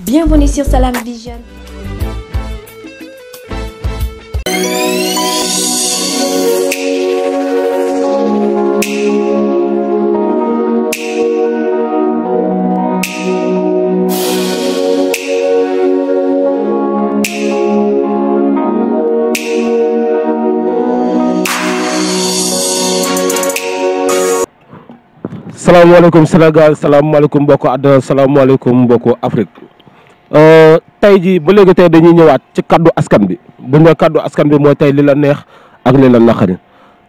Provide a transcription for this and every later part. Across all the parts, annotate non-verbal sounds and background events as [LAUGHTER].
Bienvenue sur Salam salaam salaamaaleykum Sénégal salaamaaleykum mbokku àdduna salaamaaleykum mbokku Euh, tey jii ba léegi tey dañuy ñëwaat ci kàddu askan bi bu ñu kaddu askan bi mooy tey li la neex ak li la naqari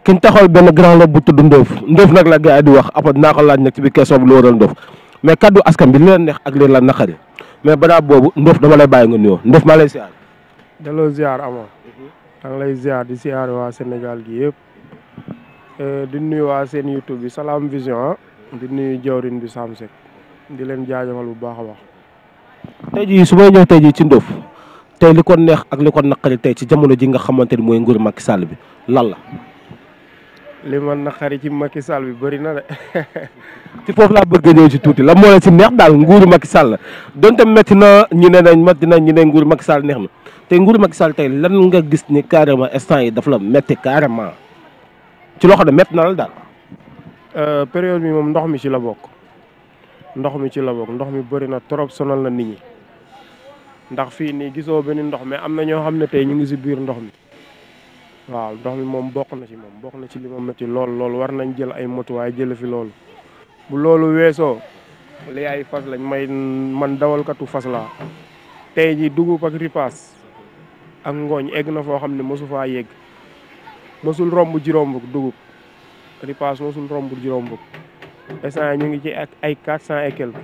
kiñ taxawal benn grand la bu tudd Ndoof Ndoof nag la gars di wax apo dinaa ko laaj nag ci biir question bi lu waral Ndoof kaddu askan bi li la neex ak li la naqari mais balaa boobu Ndoof dama lay bàyyi nga nuyoo Ndoof maa lay ziar. daloo ziar amoo. da mhm. nga lay ziar di ziar waa Sénégal gi yëpp. Euh, di nuyu waa seen YouTube bi Salam Vision ah. di nuyu jawrin bi Samsek di leen jaajëfal bu baax a baax. tey jii su may ñëw tey jii ci Ndof tey li ko neex ak li ko naqari tey ci jamono ji nga xamante ni mooy nguur Macky Sall bi lan la. li ma naqari ci Macky Sall bi bëri na de. [LAUGHS] ci foofu laa bëgg a ñëw ci tuuti la mooy la ci neex daal nguur Macky Sall donte métti na ñu ne nañ métti na ñu ne nguuru Macky Sall neex na tey nguur Macky Sall tey lan nga gis ni carrément instant yi dafa la métti carrément ci loo xam ne métti na la daal. Euh, période bi moom ndox mi ci la bokk. ndox mi ci la ndox mi bëri na trop sonal na nit ñi ndax fii nii gisoo benn ndox mais am na ñoo xam ne tey ñu ngi si biir ndox mi waaw ndox mi moom bokk na ci moom bokk na ci li ma métti lool lool war nañ jël ay motuwaay jële fi loolu bu loolu weesoo li ay fas lañ may man dawalkatu fas laa tey ji dugub ak ripaas ak ngooñ egg na foo xam ne mosu faa yegg mosul romb juróom dugub ripaas mosul romb juróom instant ñu ngi ci ak ay quatre cent et quelque.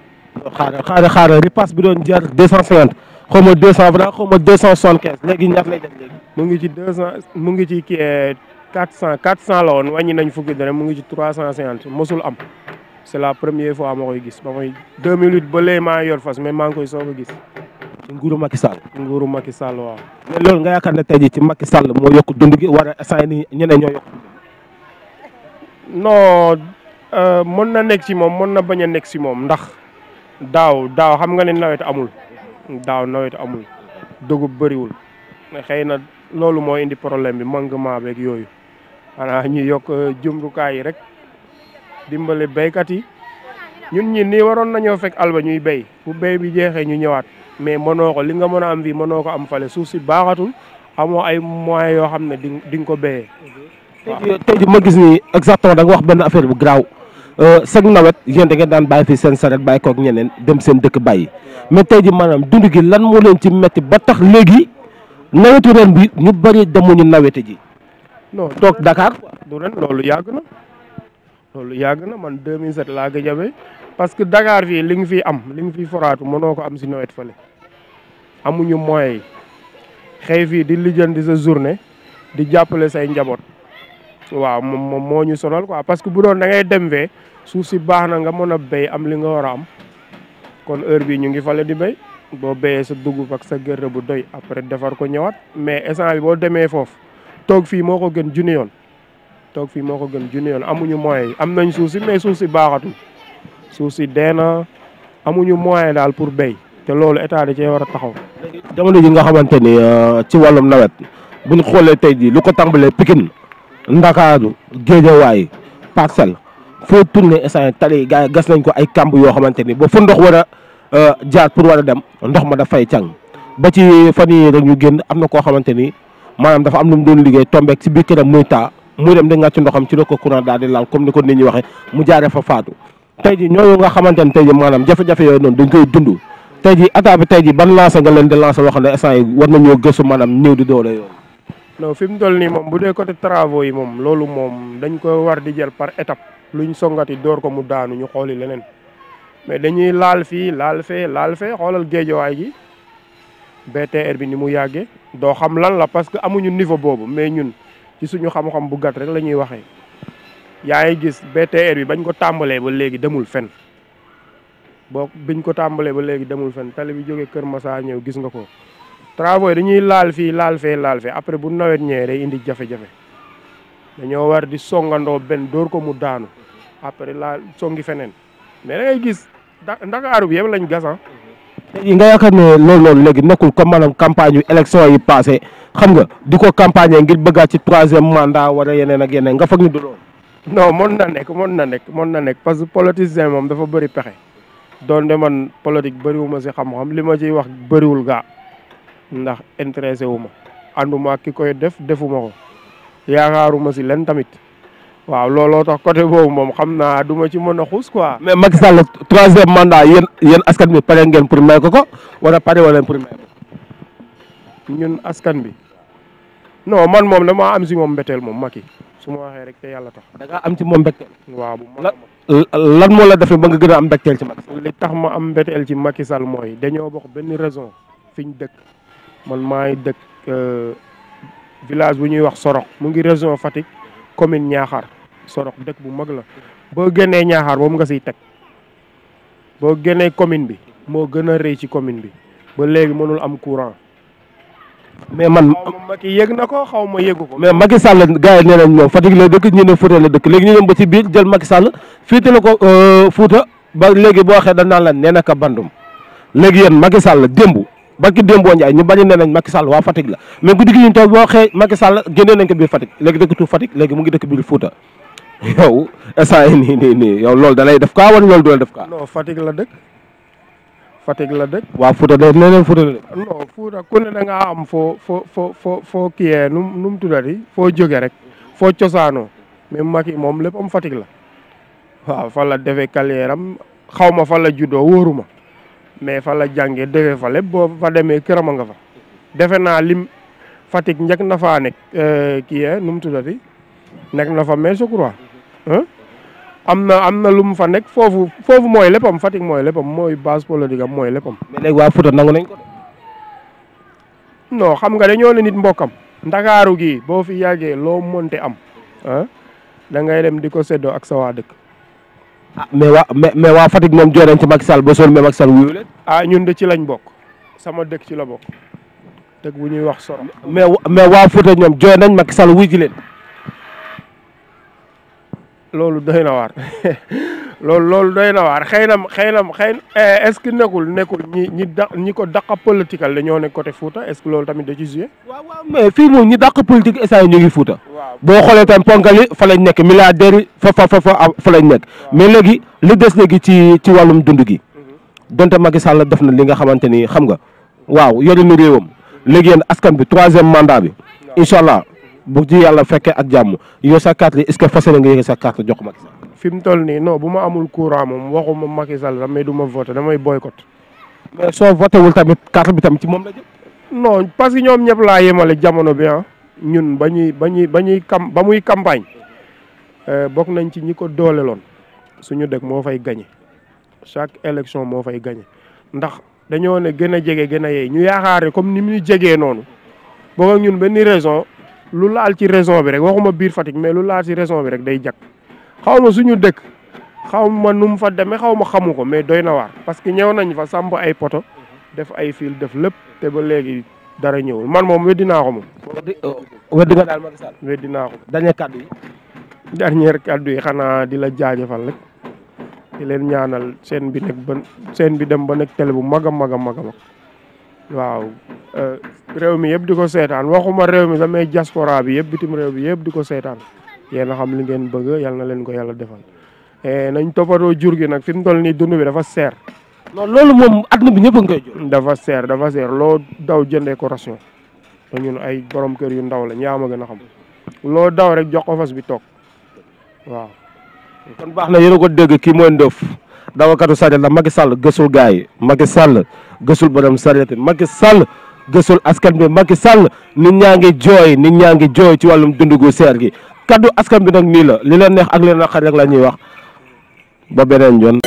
xaaral xaaral bi doon jar deux cent cinquante xaw ma deux cent vingt xaw ma deux cent quinze léegi ñaar lay def léegi. mu ngi ci deux cent mu ngi ci kii euh, quatre cent quatre cent la woon wàññi nañ fukki dara mu ngi ci trois cent cinquante mosul am. c' la première fois moo koy gis ba may 2008 ba léegi maa yor fas mais maa ngi koy soog a gis. ci nguuru Macky Sall. nguuru Macky Sall waaw. mais loolu nga yaakaar ne tey jii ci Macky Sall moo yokk dund gi war a saa yi nii ñeneen Euh, mën na nekk ci moom mën na bañ a nekk ci moom ndax daaw daaw xam nga ne nawet amul daaw nawet amul dugub bëriwul xëy na loolu moo indi problème bi manquement beeg yooyu xanaa ñuy yokk euh, jumtukaay yi rek dimbale béykat yi ñun ñi nii waroon na nañoo fekk alba ñuy béy bu béy bi jeexee ñu ñëwaat mais mënoo ko li nga mën a am fii mënoo ko am fale suuf si baaxatul amoo ay moyens yoo xam ne di di nga ko béyee. waaw tey jii ma gis ni exactement da wax benn affaire bu garaaw. chaque euh, nawet yéen da ngeen daan bàyyi fii seen saret baay kook ñeneen dem seen dëkk bàyyi mais tey ji maanaam dund gi lan moo leen ci metti ba tax léegi nawetu ren bi ñu bëri demuñu nawete ji no toog Dakar du ren loolu yàgg na loolu yàgg na man 2007 laa gëj a béy parce que Dakar fii li nga fi am li nga fi foraatu mënoo ko am si nawet fële amuñu moyens yi xëy fii di lijjanti sa journée di jàppale say njaboot waaw moom moo ñu sonal quoi parce que bu doon da ngay dem fee suuf si baax na nga mën a béy am li nga war a am kon heure bi ñu ngi fale di béy boo béyee sa dugub ak sa gerte bu doy après defar ko ñëwaat mais instant bi boo demee foofu toog fii moo ko gën junni yoon toog fii moo ko gën junni yoon amuñu moyens yi am nañ suuf si mais suuf si baaxatul suuf si dee na amuñu moyen daal pour béy te loolu état da cee war a taxaw. jamono ji nga xamante ni euh, ci wàllum nawet bu ñu xoolee tey jii lu ko tàmbalee Pikine ndakaaru géejawaay parcelle foo tourné instant tali yi gars yi gas nañ ko ay kamb yoo xamante ni ba fu ndox war a euh, jaar pour war a dem ndox ma dafay càng ba ci fan koo xamante ni maanaam dafa am lu mu doon liggéey tombeeg si biir këram muy taa muy dem di ngàcc ndoxam ci la ko courant daal di laal comme ni ko nit ñi waxee mu jaaree fa faatu tey ji ñooñu nga xamante ni tey ji maanaam jafe-jafe yooyu noonu dañ koy dund tey ji état bi tey ji ban lancé nga leen di lancé wax ne instant yi war nañoo gëstu maanaam néew di non fi mu toll nii moom bu dee côté travaux yi moom loolu moom dañ ko war di jël par étape luñ songati door ko mu daanu ñu xooli leneen mais dañuy laal fii laal fee laal fee xoolal géejawaay gi BTR bi ni mu yàggee doo xam lan la parce que amuñu niveau boobu mais ñun ci suñu xam-xam bu gat rek la ñuy waxee yaa ngi gis BTR bi bañ ko tàmbalee ba léegi demul fen boo biñ ko tàmbalee ba léegi demul fen tali bi jógee Kër Masaar ñëw gis nga ko travaux yi dañuy laal fii laal fee laal fee après bu nawet ñëwee day indi jafe-jafe dañoo war di songandoo benn dóor ko mu daanu après laal songi feneen mais da ngay gis ndakaaru bi yëpp lañ gasan ah. léegi nga yaakaar ne loolu loolu léegi nekkul comme maanaam campagne yu élection yi passé xam di ko campagne ngir bëggaat ci troisième mandat wala yeneen ak yeneen nga foog ni du loolu mën na nekk mën na nekk mën na nekk parce que politicien moom dafa bëri pexe doon de man politique bëriwuma si xam-xam li ma ciy wax bëriwul gaa ndax intéressé wu ma ànduma ki koy def defuma ko yaakaaruma si len tamit waaw looloo tax côté boobu moom xam naa duma ci mën a xuus quoi. mais Macky Sall troisième mandat yéen yéen askan bi pare ngeen pour may ko ko wala pare wala pour may ñun askan bi non man moom damaa am si moom mbeteel moom Macky su ma waxee rek te yàlla tax. da am ci moom mbetteel. waaw bu ma lan moo la defee ba nga gën a am mbetteel ci Macky. li tax ma am mbetteel ci Macky Sall mooy dañoo bokk benn raison fi ñu dëkk. man maa ngi dëkk euh, village bu ñuy wax Sorokh mu ngi région Fatick commune Niakhar Sorokh dëkk bu mag la boo génnee Niakhar moom nga si teg boo génnee commune bi moo gën a rëy ci commune bi ba léegi mënul am courant. mais man Macky yëg na ko xaw ma yëgu ko. mais Macky Sall gars yi nee nañ ñoom Fatick la dëkk ñu ne Fouta la dëkk léegi ñu dem ba ci biir jël Macky sàll fii la ko euh, Fouta ba léegi boo waxee da naan la nee na ka bandum léegi yéen Macky Sall démb barki Dembo Ndiaye ñu bari ne nañ Macky Sall waa Fatick la mais guddi gi ñu toog boo xëy Macky Sall génnee nañ ko biir Fatick léegi dëkkatu Fatick léegi mu ngi dëkk biir Fouta [LAUGHS] yow instant yii nii nii nii yow loolu da lay def kaa wala loolu du la def kaa. non Fatick la dëkk la dëkk. waa Fouta de nee nañ Fouta de. non ku ne da ngaa am foo foo foo foo foo kiiyee nu mu nu mu tuddati foo jóge rek foo cosaanoo mais Macky moom lépp am Fatick la waaw fan la defee carrière xaw ma fan la juddoo wóoru ma mais fa la jàngee defee fa lépp boo fa demee këram nga fa. defe naa lim Fatick njëkk na faa nekk euh, kii nu mu tuddati nekk na fa mais je crois am na am na lu mu fa nekk foofu foofu mooy léppam Fatick mooy léppam mooy base politique am mooy léppam. mais léegi waa Fouta nangu nañ ko xam nga dañoo ne nit mbokkam. ndakaaru gi boo fi yàggee loo mënte am da ngay dem di ko séddoo ak sa waa dëkk. ah mais waa mais mais waa Fatick moom jooy nañ ci Macky Sall ba sonn mais Macky Sall wuyu leen. ah ñun de ci lañ bokk sama dëkk ci la bokk dëkk bu ñuy wax Soro. mais mais waa Fouta ñoom jooy nañ Macky Sall wuy ji leen. loolu doy na waar [LAUGHS] loolu loolu doy na waar xëy na xëy na xëy eh, est-ce que nekkul nekkul ñi ñi da ñi ko dàq politique la ñoo nekk côté Fouta est-ce que loolu tamit da ci joué. waaw waaw mais fii moom ñi dàq politique instant ñu ngi Fouta. boo xoolee tam ponkal yi fa lañ nekk milliardaires yi fa fa fa fa lañ nekk. mais léegi li des léegi ci ci wàllum dund gi. Mhm. donte Macky Sall def na li nga xamante ni xam nga. waaw yore nu réewam. léegi yéen askan bi troisième mandat bi. incha allah bu ci yàlla fekkee ak jàmm yow sa carte li est-ce que fas yéene nga yëge sa carte jox Macky Sall fi mu toll nii non bu ma amul courant moom waxuma Macky Sall sax mais du ma voté damay boycott. mais soo voté wul tamit carte bi tam ci moom la jëm. non parce que ñoom ñëpp laa yemale jamono bi ah ñun ba ñuy ba ñuy ba cam ba muy campagne euh, bokk nañ ci ñi ko dooleeloon suñu dëkk moo fay gañe chaque élection moo fay gañe ndax dañoo ne gën a jege gën a yey ñu yaakaare comme ni mu ñu jegee noonu bokk ak ñun benn raison lu laal ci raison bi rek waxuma biir Fatick mais lu laal ci raison bi rek day jag. xaw ma suñu dëkk xaw ma nu mu fa demee xaw ma xamu ko mais doy na waar parce que ñëw nañ fa samp ay poto def ay fil def lépp te ba léegi dara ñëwul man moom weddi naa ko moom. weddi oh, nga daal Macky Sall weddi naa yi. dernier kàddu yi xanaa di la jaajëfal rek di leen ñaanal seen bi nekk ba seen bi dem ba nekk télé bu mag a mag a mag a mag waaw euh, réew mi yëpp di ko seetaan waxuma réew mi samay diaspora bi yëpp bitim réew bi yëpp di ko seetaan. yéen a xam li ngeen bëgg yàlla na leen ko yàlla defal eh, nañ toppatoo jur gi nag fi mu toll nii dund bi dafa seer. non loolu moom adduna bi ñëpp a ngi koy jur. dafa seer dafa seer loo daw jëndee ko ration te ñun ay borom kër yu ndaw la ñaa ma gën a xam loo daw rek jox ko fas bi toog waaw. kon baax na yéen a ko dëgg kii mooy Ndof dawakatu sareet la Macky Sall gësul gars yi Macky Sall gësul borom sareet Macky Sall gësul askan bi Macky Sall nit ñaa ngi jooy nit ñaa ngi jooy ci wàllum dundu gu gi. kaddu askan bi nag nii la li leen neex ak leen naqar rek la ñuy wax ba beneen yoon